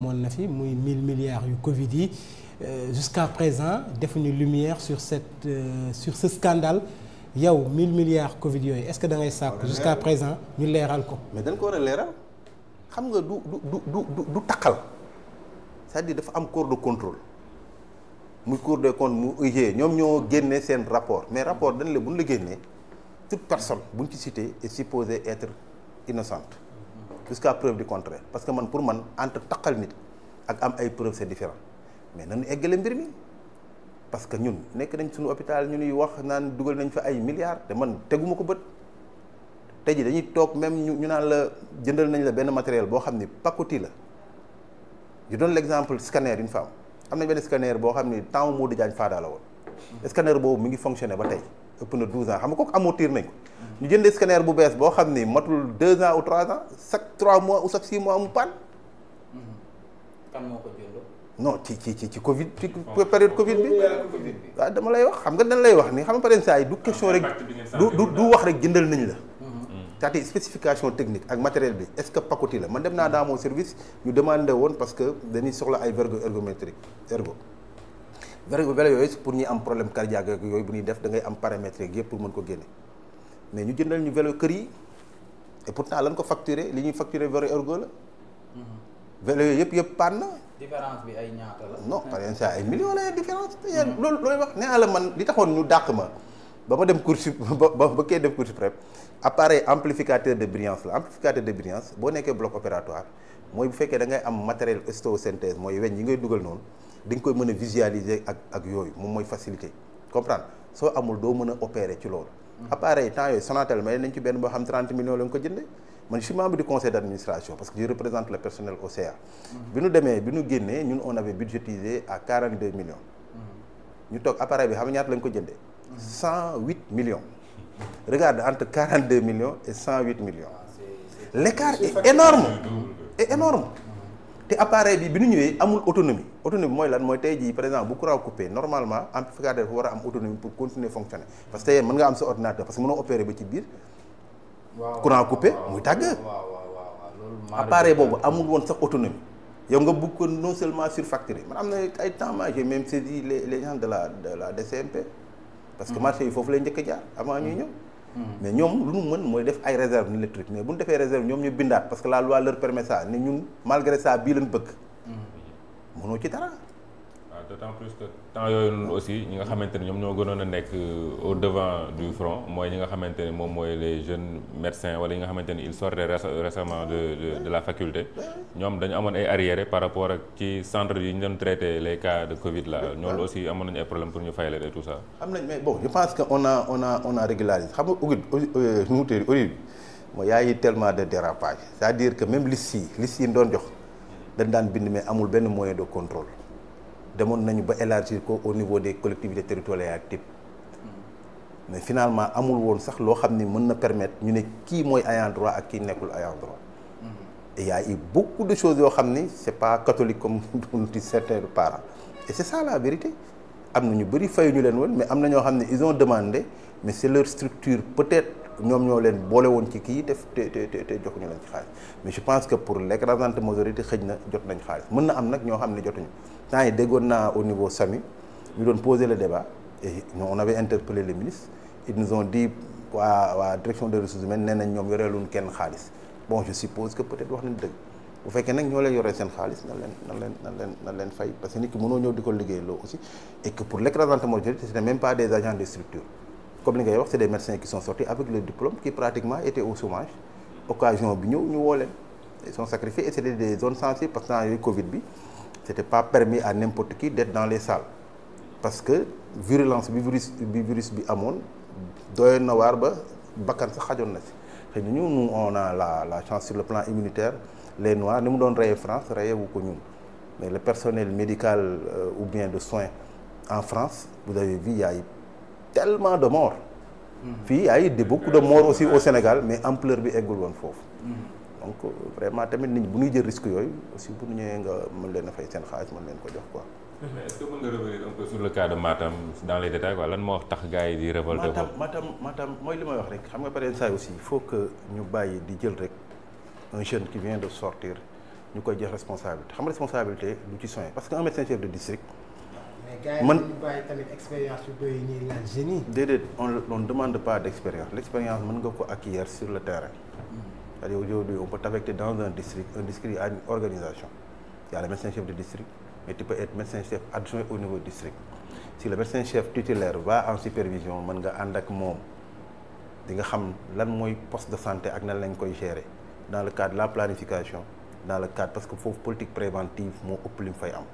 moon na fi muy 1000 milliards yu Covid yi euh, jusqu'à présent defuñu lumière sur cette euh, sur ce scandale yow 1000 milliards Covid yooyu est-ce que da ngay sàkk jusqu'à présent ñu leeral ko. mais dañ ko war a leeral xam nga du du du du du taqal cest dafa am corps de contrôle muy corps de compte mu UG ñoom ñoo génne seen rapport mais rapport dañ la buñ la génnee toute personne buñ ci cité est supposée être innocente. jusqu'à preuve du contraire parce que man pour man entre taqal nit ak am ay preuve c'est différent mais nañu eggale mbir mi parce que ñun nekk nañ suñu hôpital ñu nuy wax naan dugal nañ fa ay milliards te man teguma ko bët tey ji dañuy toog même ñu ñu naan la jëndal nañ la benn matériel boo xam ni pacotille la je donne l'exemple scanner une fa am nañ benn scanner boo xam ni temps Modou Diagne Fada la woon scanner boobu mu ngi fonctionné ba tey ëpp na 12 ans xam nga kooku amortir nañ ko ñu jënd scanner bu bees boo xam ni matul 2 ans ou 3 ans chaque 3 mois ou chaque 6 mois mu panne. Mm-hmm. kan moo ko non ci ci ci ci Covid ci oh. période Covid bi. waaw ah, dama lay wax xam nga dañ lay wax ni xam nga par saa yi du ah, question rek du du du wax rek jëndal nañ la. Mm-hmm. Mm-hmm. c'est-à-dire technique ak matériel bi est-ce que pacotille la man dem naa dans mon service ñu demandé woon parce que dañuy soxla ay vergo ergométrique ergo. vélo vélo yooyu pour ñuy am problème cardiaque yooyu bu ñuy def da ngay am paramètres yeeg yëpp pour ko génne mais ñu jëndal ñu vélo kër yi et pourtant lan ko facturer li ñuy facturer vélo ergo la. Mhm. vélo yooyu yëpp yëpp paan na. différence bi ay ñaata la. non par exemple différence. Mhm. loolu loolu wax nee naa la man li taxoon ñu dàq ma ba ma dem course ba ba ba kay def course prep appareil amplificateur de brillance la amplificateur de brillance boo nekkee bloc opératoire mooy bu fekkee da am matériel stéréosynthèse mooy weñ yi ngay dugal noonu. di nga koy mën a visualiser ak ak yooyu moom mooy facilité comprendre soo amul doo mën a opérer ci loolu. Mm-hmm. appareil temps yooyu Sonatel may nañ ci benn boo xam 30 millions la ko jëndee man je suis membre du conseil d' administration parce mm-hmm. nu demee bi nu génnee ñun on avait budgétisé à 42 millions. Mm-hmm. ñu toog appareil bi xam nga ñaata la ñu ko jëndee. 108 millions. regarde entre 42 millions et 108 millions. Ah, l'écart est énorme te appareil bi bi ñu ñëwee amul autonomie autonomie mooy lan mooy tey jii par exemple bu courant coupé normalement amplificateur a am autonomie pour continuer fonctionner parce que tey mën nga am sa ordinateur parce que mënoo opérer ba ci biir. courant coupé muy tàgg. appareil boobu amul woon sax autonomie. yow nga bëgg ko non seulement surfacturé am na ay temps ma j'ai même les les la de la DCMP. parce que mm-hmm. marché yi foofu lay jëkk a jaar avant ñuy mm-hmm. ñëw. Mm. mais ñoom lu ñu mën mooy def ay réserve électrique mais bu ñu defee réserve ñoom ñu bindaat parce que la loi leur permet ça ne ñun malgré ça bii lañ bëgg. Mm. mënoo ci dara. d'autant plus que temps yooyu noonu aussi ñi nga xamante ne ñoom ñoo gënoon nekk euh, au devant du front mooy ñi nga xamante ne moom mooy les jeunes médecins wala yi nga xamante ne ils sortaient récemment de de la faculté ñoom dañu amoon ay arriérés par rapport ak ci centre yi ñu doon traité les cas de Covid là ñoom aussi amoon nañu ay problèmes pour ñu fay leen tout ça. am nañ mais bon je pense que on a on a on a régularisé xam nga Oudou euh, nu mu tëjee Oudou mooy yaa ngi tellement de dérapage c'est-à-dire que même liste yi liste amul benn moyen de contrôle. demoon nañu ba élargir ko au niveau des collectivités territoriales type hmm. mais finalement amul woon sax loo xam ni mën na permettre ñu ne kii mooy ayant droit ak kii nekkul ayant droit hmm. et y a eu beaucoup de choses yoo xam ni c'est pas catholique comme di certains parents et c'est ça la vérité am na ñu bëri fayuñu leen woon mais am na ñoo xam ne ils ont demandé mais c'est leur structure peut-être ñoom ñoo leen boole woon ci kii te te te te joxuñu leen ci xaalis mais je pense que pour l'écrasante majorité xëj na jot nañ xaalis mën na am nag ñoo xam ne jotuñu temps yi au niveau SAMU ñu doon poser le débat et on avait interpellé le ministre ils nous ont dit waa waa direction des ressources humaines nee nañ ñoom yoreeluñ kenn xaalis bon je suppose que peut-être wax nañ dëgg bu fekkee nag ñoo leen yoree seen xaalis na leen na leen na leen parce que nit ki mënoo ñëw di ko liggéey loo aussi comme li ngay wax c'est des médecins qui sont sortis avec le diplôme qui pratiquement étaient au chômage occasion bi ñëw ñu woo leen ils sont sacrifiés et c'était des zones sensibles parce que temps yooyu Covid bi c'était pas permis à n'importe ki d'être dans le salles parce que virulence bi virus bi amoon doyoon na waar ba bakkan sax xajoon na si xëy na ñu nous on a la la chance sur le plan immunitaire les noirs ni mu doon reyee France reyee wu ko ñun mais le personnel médical euh, bien de soins en France vous avez tellement de morts. fii ay de beaucoup de morts aussi au Sénégal mais empleur bi eggul woon foofu. donc vraiment tamit nit ñi bu ñuy jël risque yooyu aussi bu ñu ñëwee nga mën leen a fay seen xaalis mën leen ko jox ko mais est-ce que mën nga revenir wax tax gars yi di révolter Matam Matam Matam mooy li may wax rek xam nga par exemple aussi il faut ñu bàyyi di jël rek un jeune qui vient de sortir ñu koy jox responsabilité xam responsabilité du ci soin parce que un médecin chef man déedéet on on demande pas d'expérience l'expérience mën nga ko ak acquérir sur le terrain c'est-à-dire aujourd'hui on peut t'affecter dans un district a organisation il y a chef de district mais tu peux être médecin chef adjoint au niveau district si le médecin chef titulaire va en supervision mën nga ànd ak moom di nga xam lan mooy poste de santé ak nan lañ koy gérer dans le cadre de la planification dans le cadre parce que foofu politique préventive moo ëpp li mu fay am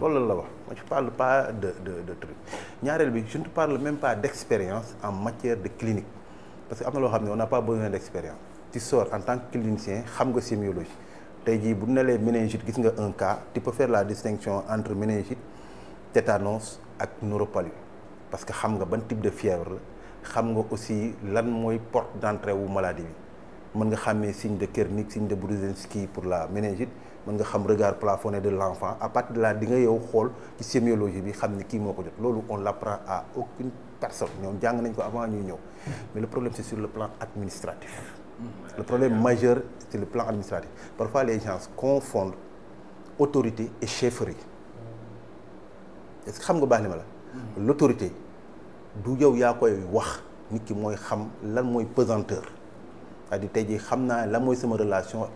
loolu la la wax ma je parle pas de de de ñaareel bi je ne parle même pas d'expérience en matière de clinique parce que am na loo xam ne on n'a pas besoin d'expérience tu en tant que clinicien xam nga sémiologie tey jii bu ne lee méningite gis nga un cas tu peux la distinction entre méningite tétanos ak neuropalu parce que xam nga ban type de fièvre la xam nga aussi lan mooy porte d'entrée wu maladie bi mën nga xàmmee signe de Kernik signe de Brudzinski pour la méningite mën nga xam regard plafonné de l'enfant à partir de là di nga yow xool ci sémiologie bi xam ni kii moo ko jot loolu on l'apprend à aucune personne ñoom jàng nañ ko avant ñuy ñëw mais le problème c'est sur le plan administratif le problème majeur c'est le plan administratif parfois les gens confondent autorité et chefferie est-ce que xam nga baax li ma la l'autorité du yow yaa koy wax nit ki mooy xam lan mooy pesanteur c'est-à-dire tey jii xam naa lan mooy sama relation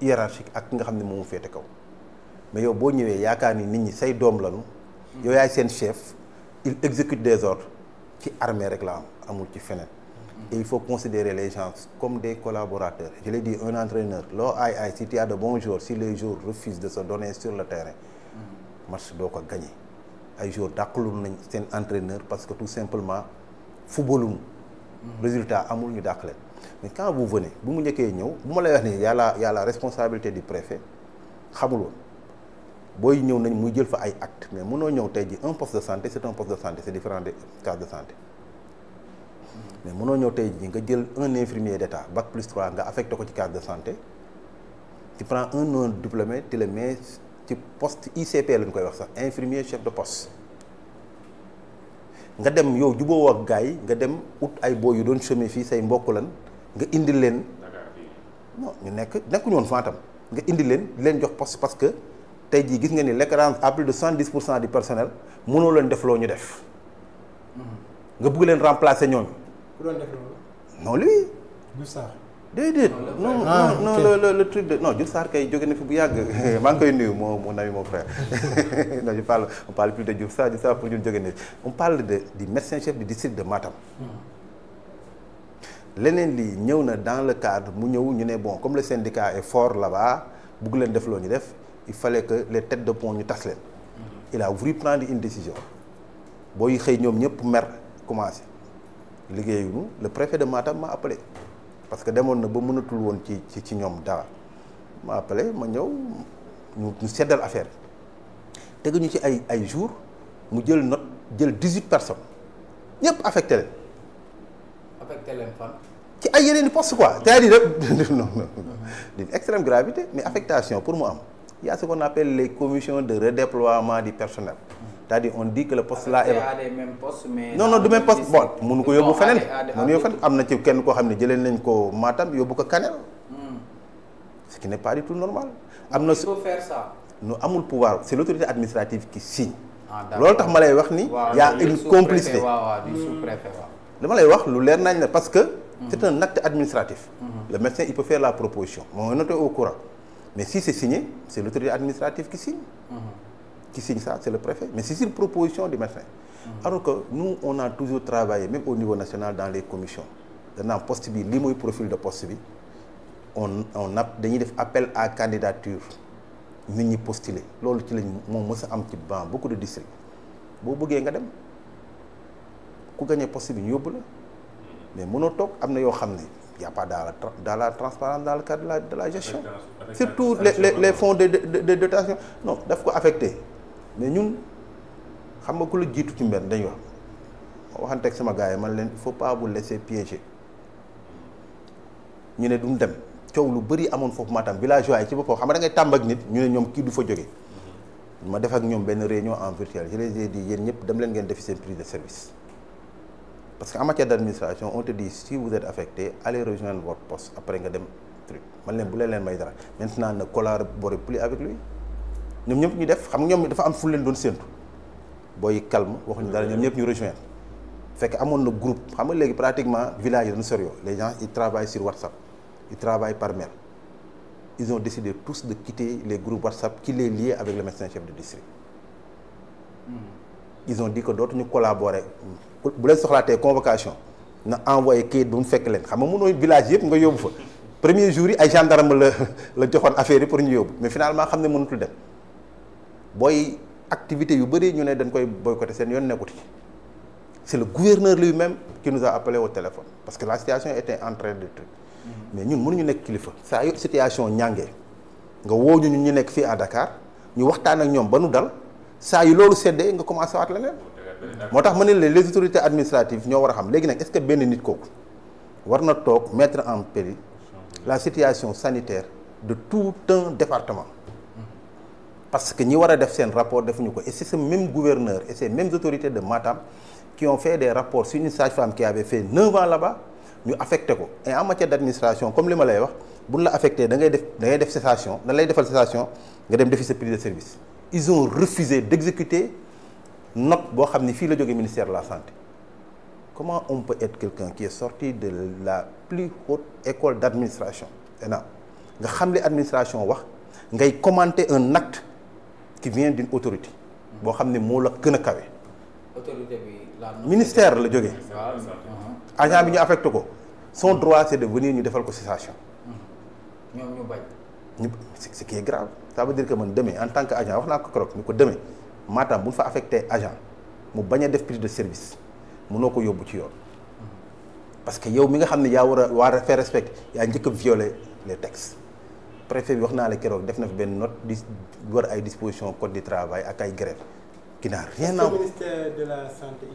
hiérarchique ak ki nga xam ne moom féete kaw mais yow boo ñëwee yaakaar ni nit ñi say doom lañu. yow yaay seen chef il exécute des ordres ci armée rek la am amul ci feneen. il faut considere les gens comme des collaborateurs je l'ai un entraîneur loo aay aay si tu as de jours si les jours refusent de se donner sur le terrain match doo ko gagné ay jours dàqalul nañ seen entraîneur parce que tout simplement footballuñu résultat amul ñu dàq mais quand vous venez bu mu njëkkee ñëw bu ma lay wax ni y yàlla responsabilité du préfet xamul booy ñëw nañu muy jël fa ay acte mais mënoo ñëw tey ji un poste de santé c'est un poste de santé c'est différent des mais mënoo ñëw tey ji nga jël un infirmier d'état bac plus 3 nga affecté ko ci case de santé tu un non diplômé tu le ci poste ICP lañ koy wax sax infirmier chef de poste nga dem yow juboo ak gars yi nga dem ut ay boo yu doon chômer fii say mbokk lan nga indil leen non ñu nekk nekkuñu woon Faatam nga indi leen leen jox poste parce que tey ji gis nga ni l'écran à plus de soixante-dix pour cent du personnel mënoo leen def loo ñu def mm-hmm. nga bëgg leen remplacer ñooñu. ku doon def loolu. non lui. Diouf Sarr. déedéet non non ah, de non Diouf Sarr kay jóge na fi bu yàgg man ngi koy nuyu moo mon ami mon frère non je parle on parle plus de Diouf Sarr Diouf Sarr pour ñun jóge na on parle de du médecin chef du district de Matam. Mm-hmm. leneen lii ñëw na dans le cadre mu ñëw ñu ne bon comme le syndicat est fort là-bas bugg leen def loo ñu def il fallait que les têtes de pont ñu tas leen il a voulu prendre une décision booy xëy ñoom ñëpp mer commencé liggéeyuñu le préfet de Matam m'a appelé parce que demoon na ba mënatul woon ci ci ci ñoom dara ma appelé ma ñëw ñu seddal affaire bi teguñu ci ay ay jours mu jël note jël dix-huit personnes ñëpp affecte leen affecté leen fan. ci ay yeneen i poste quoi c'est-à-dire rek non extrême gravité mais affectation pour mu am il y a ce qu'on appelle les commissions de redéploiement du personnel. c'est-à-dire on dit que le poste là est. du même poste bon mënu ko yóbbu feneen. mënu yóbbu feneen am na ci kenn koo xam ne jëlee nañ ko Matam yóbbu ko Kanel. Hmm. ce qui n'est pas du tout normal. am na su faire ça. nu amul pouvoir c'est l'autorité administrative qui signe. Ah, loolu tax ma lay wax ni. y a dama ma lay wax lu leer nañ la parce que. c'est un acte administratif. Mhm. le médecin il peut faire la proposition moo noté au courant mais si c'est signé c'est l'autorité administrative ki signe. Mhm. qui signe ça c'est le préfet mais c'est si proposition di médecin. Mhm. alors que nous on a toujours travaillé même au niveau national dans les commissions danaa poste bi lii mooy profil de poste bi on on dañuy def appel à candidature nit ñi postuler loolu ci lañ moom mës a am ci ban beaucoup de districts boo bëggee nga dem. ku gagné poste bi ñu yóbbu la mais mënoo toog am na yoo xam ne y' a pas dans la dans la transparence dans le cadre de la de la gestion. surtout les les les fonds de de de dotation non daf ko affecté mais ñun xam nga ku la jiitu ci mbir dañu wax ma waxante ak sama gars yi man leen il faut pas vous laisser piéger ñu ne duñ dem coow lu bëri amoon foofu Matam villageois yi ci boppam xam nga da ngay tàmb ak nit ñu ne ñoom kii du fa jóge mhm. ma def ak ñoom benn réunion en virtuel je les ai dit yéen ñëpp dem leen ngeen defi seen prise de service. parce que en matière d'administration on te dit si vous êtes affecté allez rejoindre votre poste après nga dem truc man leen bu leen leen may dara maintenant ne collaborez plus avec lui ñoom ñëpp ñu def xam nga ñoom dafa am fu leen doon séntu booy calme waxuñu dara ñoom ñëpp ñu rejoindre fekk amoon na groupe xam nga léegi pratiquement village yi dañu sori les gens ils travaillent sur WhatsApp ils travaillent par mail ils ont décidé tous de quitter les groupes WhatsApp ki les liaient avec le médecin chef de ison ont ko que dootuñu collaborer bu leen soxlaatee convocation na envoyé kayit bu mu fekk leen xam nga mënoo village yëpp nga yóbbu fa premier jour yi ay gendarme la la joxoon affaire yi pour ñu yóbbu mais finalement xam ne mënutul dem booy activité yu bëri ñu ne dañ koy boycotter seen yoon nekkut ci c'est le gouverneur li même qui nous a appelé au téléphone parce que la situation était entre train de truc mais ñun mënuñu nekk kilifa saa situation ñàngee nga woo ñu ñu nekk fii à Dakar ñu waxtaan ak ñoom ba nu saa yu loolu seddee nga commencé waat leneen moo tax ma ne la les autorités administratives ñoo war a xam léegi nag est-ce que benn nit kooku war na toog mettre en péril la situation sanitaire de tout un département parce que ñi war a def seen rapport defuñu ko et c'est ce même gouverneur et ces mêmes autorités de Matam qui ont fait des rapports sur une sage-femme qui avait fait neuf ans là-bas ñu affecté ko et en matière d'administration comme li ma lay wax la affecté da ngay def da ngay def cessation da lay defal cessation nga dem defi sa prise service ils ont refusé d'exécuter note boo xam ni fii la joge ministère la santé comment on peut être quelqu'un qui est sorti de la plus haute école d'administration ENA nga xam li administration wax ngay commenter un acte qui vient d'une autorité boo xam ne moo la gën a kawe la ministère la joge agent bi ñu affecté ko son droit c'est de venir ñu defal ko cessation ñoom ñu bañ ñu ce qui est grave ça veut dire que man demee en tant que agent wax naa ko keroog ni ko demee Matam bu ñu fa affecté agent mu bañ a def prise de service munoo ko yóbbu ci yoon parce que yow mi nga xam ne yaa war a waa faire respect yaa njëkk a violer les textes préfet bi wax naa la keroog def na fi benn not dis war ay disposition code du travail ak ay grève qui n'a rien à. le ministère de la santé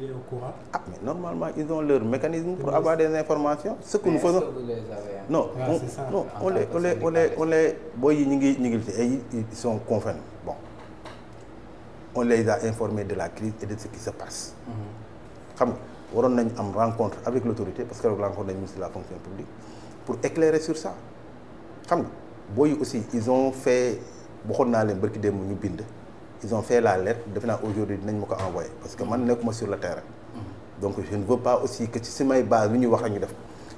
ah, normalement ils ont leur mécanisme pour avoir des informations. ce que nous on les on les on les on les booy yi ñu ngi ñu ngi ils sont confirmés bon on les a informés de la crise et de ce qui se passe. Mm-hmm. xam nga waroon nañ am rencontre avec l'autorité parce que rencontre nañ ministre la fonction publique pour éclairer sur ça xam nga booy yi aussi ils ont fait waxoon naa leen barki démb ñu bind. ils ont fait la lettre def naa aujourd'hui dinañ ma ko envoyé parce que man nekkuma sur le terrain donc je ne veux pas aussi que ci samay base lu ñuy wax la ñu def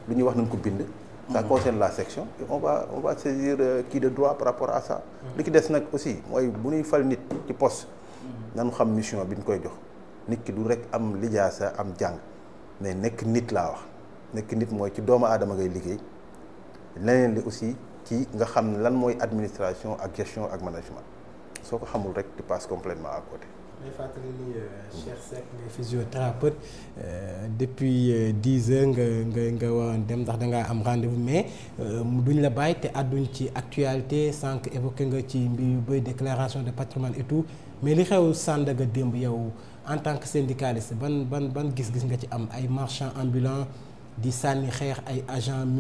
lu ñuy wax nañ ko bind ça mhm. concerne la section on va on va saisir kii euh, de droit par rapport à ça mhm. li ki des nag aussi mooy bu ñuy fal nit ci poste mhm. nanu xam mission bi ñu koy jox nit ki du rek am sa am jàng mais nekk nit laa wax nekk nit mooy ci doomu aadama ngay liggéey leneen li aussi ci nga xam ne lan mooy administration ak gestion ak management soo ko xamul rek tu passes complètement à côté. may fàttali euh, euh, depuis euh, dix heures nga nga nga waroon dem ndax dangaa am rendez-vous mais duñ la bàyyi te àdduñ ci actualité sànq évoqué nga ci mbir yu bëri déclaration de patrimoine et tout mais li xew Sandaga démb yow en tant que syndicaliste ban ban ban gis-gis nga ci am ay marchands ambulants di sànni xeex ay agents.